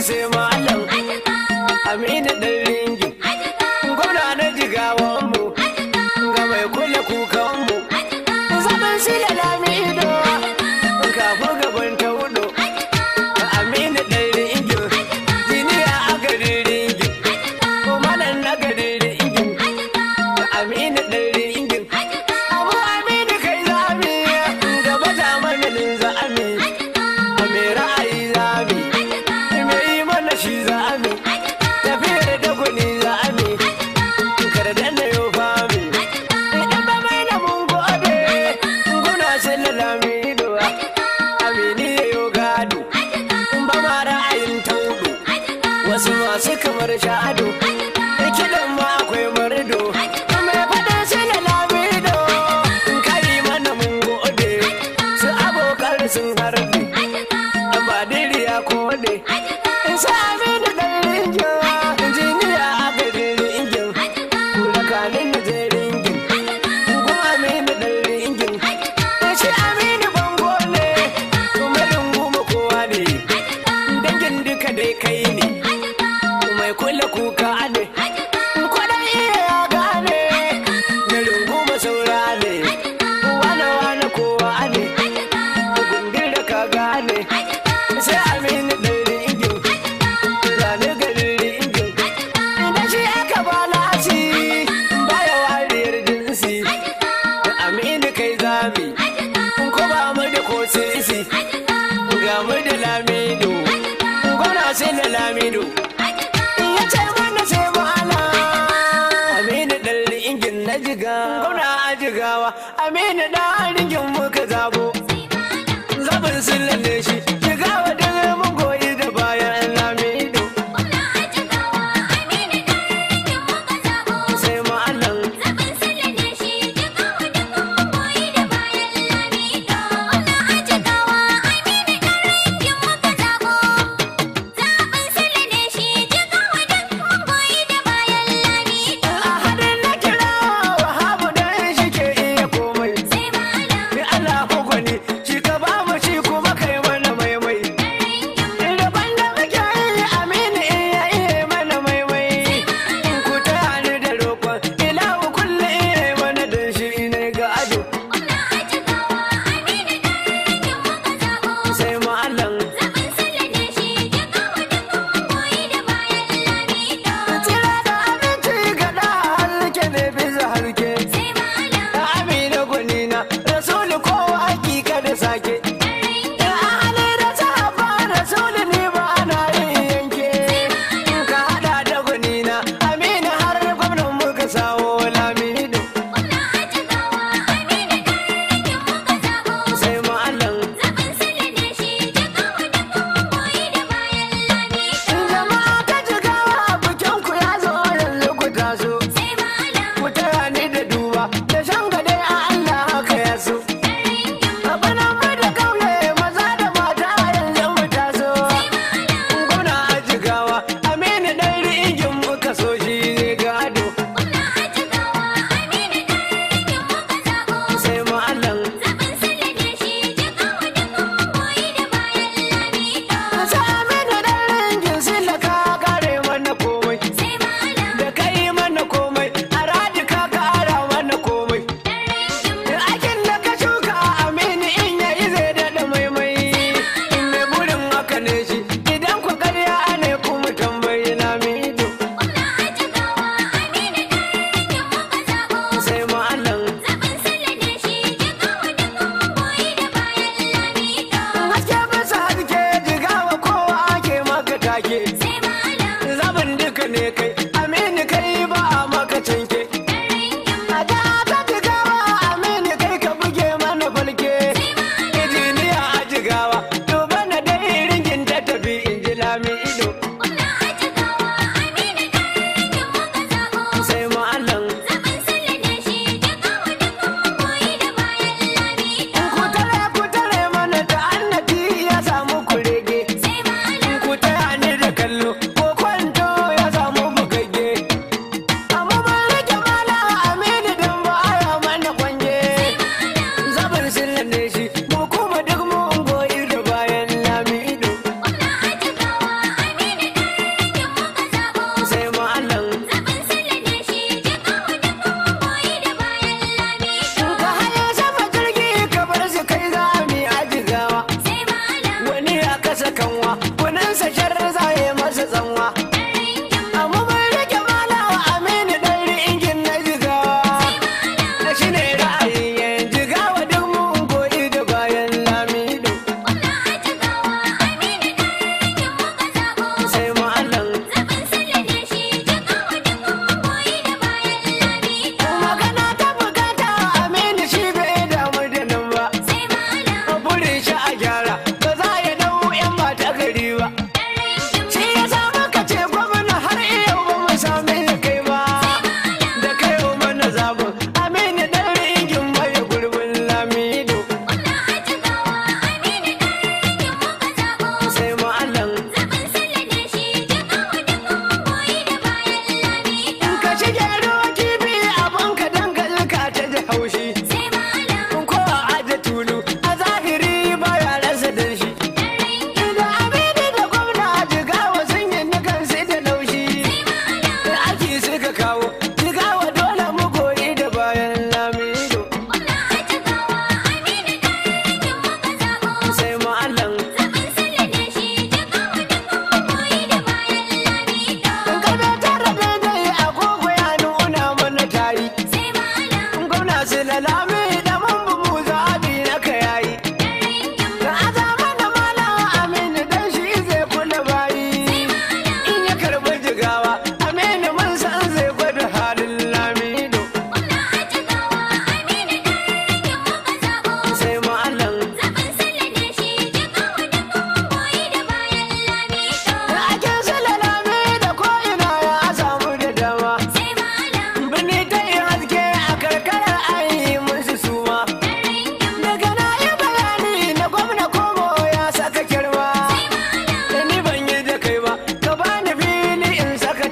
sai malam aminu ɗari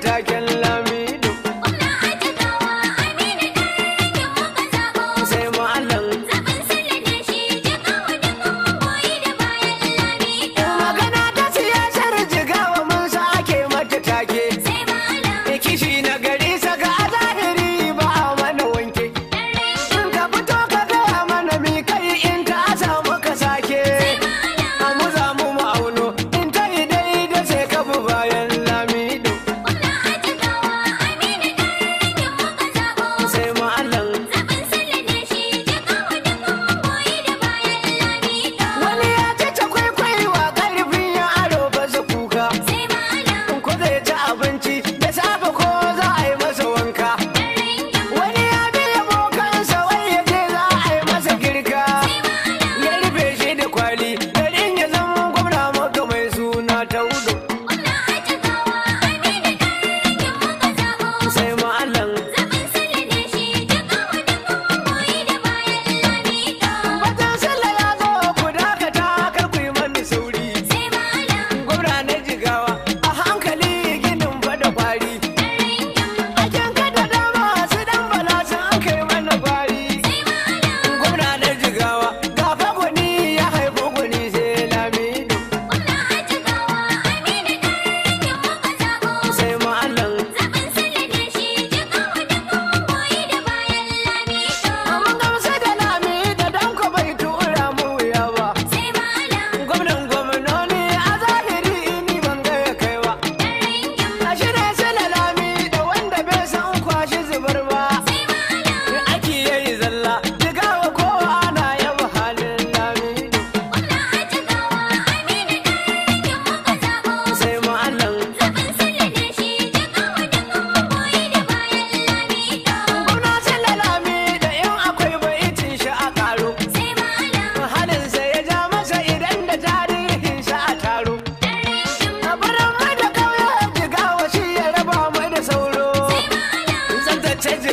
ta kyalla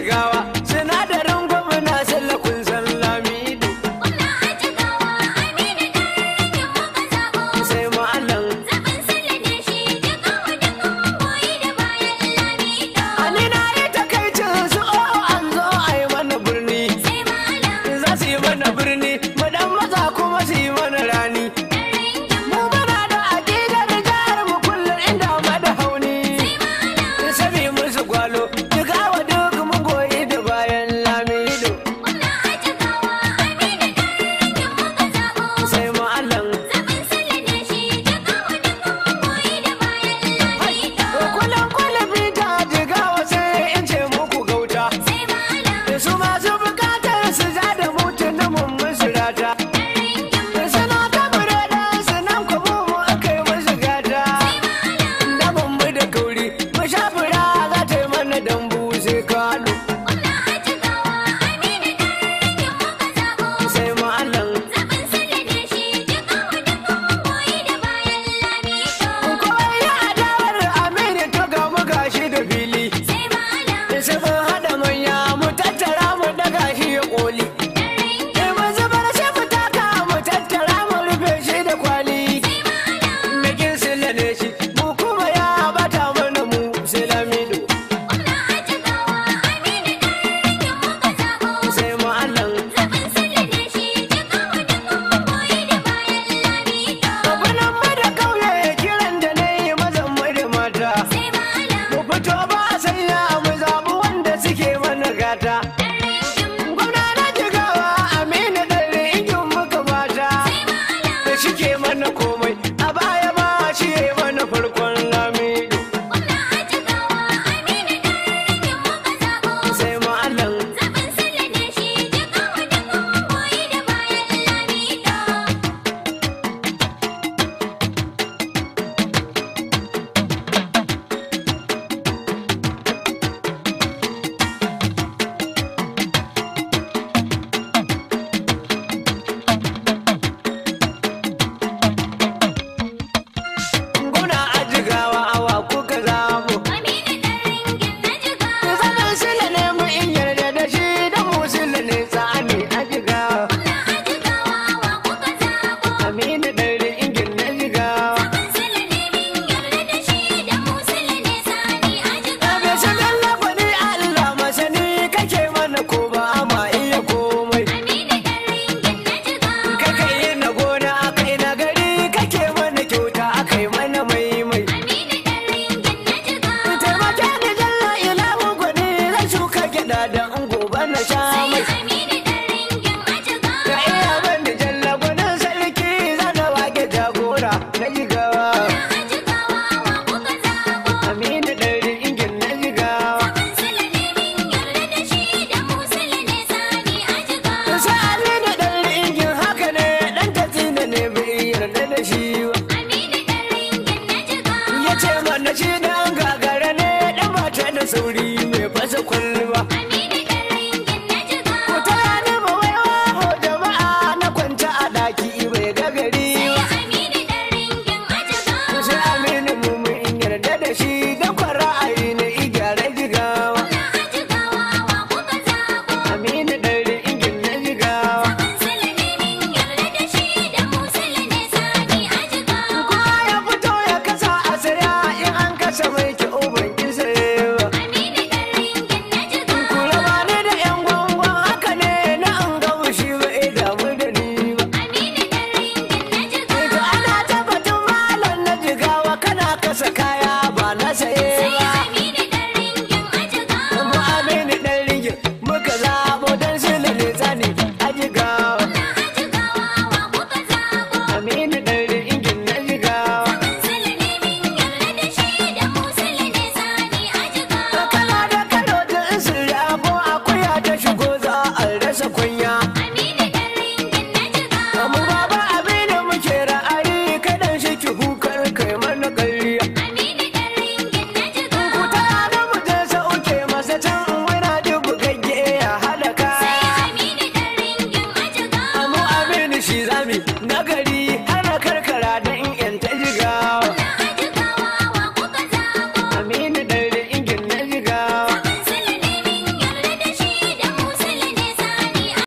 llegaba